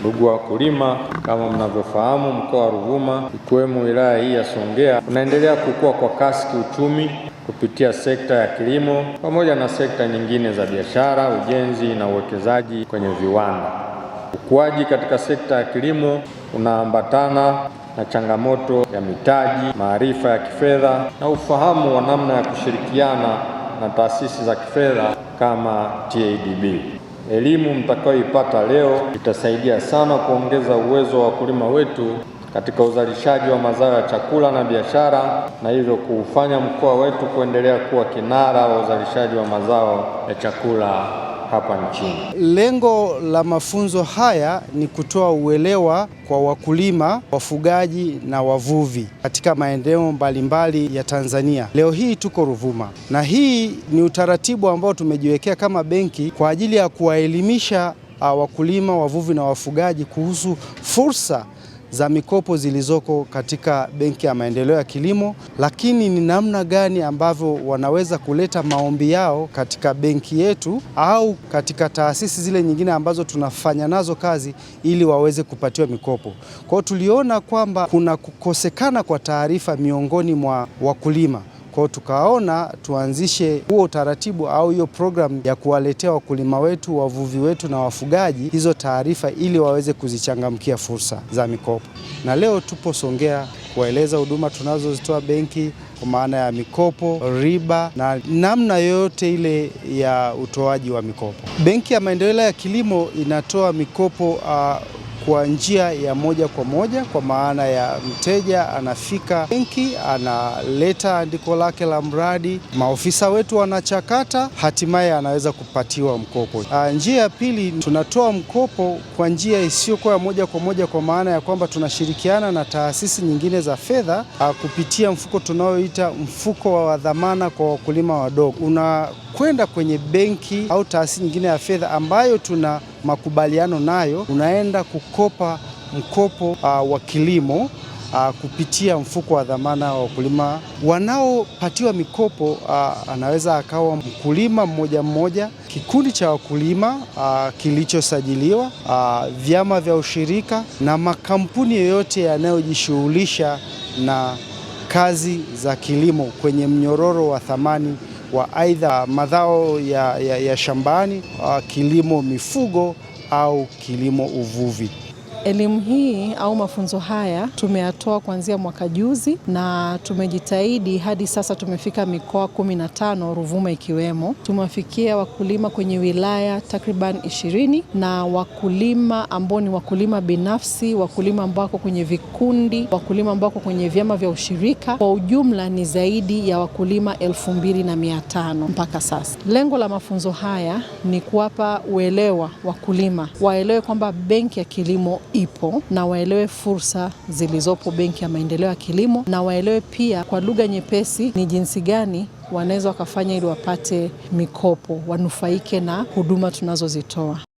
Ndugu wakulima, kama mnavyofahamu, mkoa wa Ruvuma ikiwemo wilaya hii ya Songea unaendelea kukua kwa kasi kiuchumi kupitia sekta ya kilimo pamoja na sekta nyingine za biashara, ujenzi na uwekezaji kwenye viwanda. Ukuaji katika sekta ya kilimo unaambatana na changamoto ya mitaji, maarifa ya kifedha na ufahamu wa namna ya kushirikiana na taasisi za kifedha kama TADB. Elimu mtakayoipata leo itasaidia sana kuongeza uwezo wa wakulima wetu katika uzalishaji wa mazao ya chakula na biashara na hivyo kuufanya mkoa wetu kuendelea kuwa kinara wa uzalishaji wa mazao ya chakula hapa nchini. Lengo la mafunzo haya ni kutoa uelewa kwa wakulima, wafugaji na wavuvi katika maeneo mbalimbali ya Tanzania. Leo hii tuko Ruvuma na hii ni utaratibu ambao tumejiwekea kama benki kwa ajili ya kuwaelimisha uh, wakulima, wavuvi na wafugaji kuhusu fursa za mikopo zilizoko katika Benki ya Maendeleo ya Kilimo, lakini ni namna gani ambavyo wanaweza kuleta maombi yao katika benki yetu au katika taasisi zile nyingine ambazo tunafanya nazo kazi ili waweze kupatiwa mikopo. Kwa hiyo tuliona kwamba kuna kukosekana kwa taarifa miongoni mwa wakulima kwao tukaona tuanzishe huo utaratibu au hiyo programu ya kuwaletea wakulima wetu, wavuvi wetu na wafugaji hizo taarifa ili waweze kuzichangamkia fursa za mikopo. Na leo tupo Songea kuwaeleza huduma tunazozitoa benki kwa maana ya mikopo, riba na namna yoyote ile ya utoaji wa mikopo. Benki ya Maendeleo ya Kilimo inatoa mikopo uh, kwa njia ya moja kwa moja, kwa maana ya mteja anafika benki, analeta andiko lake la mradi, maofisa wetu wanachakata, hatimaye anaweza kupatiwa mkopo. Ah, njia ya pili, tunatoa mkopo kwa njia isiyokuwa ya moja kwa moja, kwa maana ya kwamba tunashirikiana na taasisi nyingine za fedha ah, kupitia mfuko tunaoita mfuko wa dhamana kwa wakulima wadogo. Unakwenda kwenye benki au taasisi nyingine ya fedha ambayo tuna makubaliano nayo, unaenda kukopa mkopo uh, wa kilimo uh, kupitia mfuko wa dhamana wa wakulima. Wanaopatiwa mikopo uh, anaweza akawa mkulima mmoja mmoja, kikundi cha wakulima uh, kilichosajiliwa, uh, vyama vya ushirika na makampuni yoyote yanayojishughulisha na kazi za kilimo kwenye mnyororo wa thamani wa aidha madhao ya, ya, ya shambani, uh, kilimo mifugo au kilimo uvuvi. Elimu hii au mafunzo haya tumeyatoa kuanzia mwaka juzi na tumejitahidi hadi sasa tumefika mikoa kumi na tano Ruvuma ikiwemo. Tumewafikia wakulima kwenye wilaya takriban ishirini na wakulima ambao ni wakulima binafsi, wakulima ambao wako kwenye vikundi, wakulima ambao wako kwenye vyama vya ushirika. Kwa ujumla ni zaidi ya wakulima elfu mbili na mia tano mpaka sasa. Lengo la mafunzo haya ni kuwapa uelewa wakulima, waelewe kwamba benki ya kilimo ipo na waelewe fursa zilizopo Benki ya Maendeleo ya Kilimo, na waelewe pia kwa lugha nyepesi ni jinsi gani wanaweza wakafanya ili wapate mikopo, wanufaike na huduma tunazozitoa.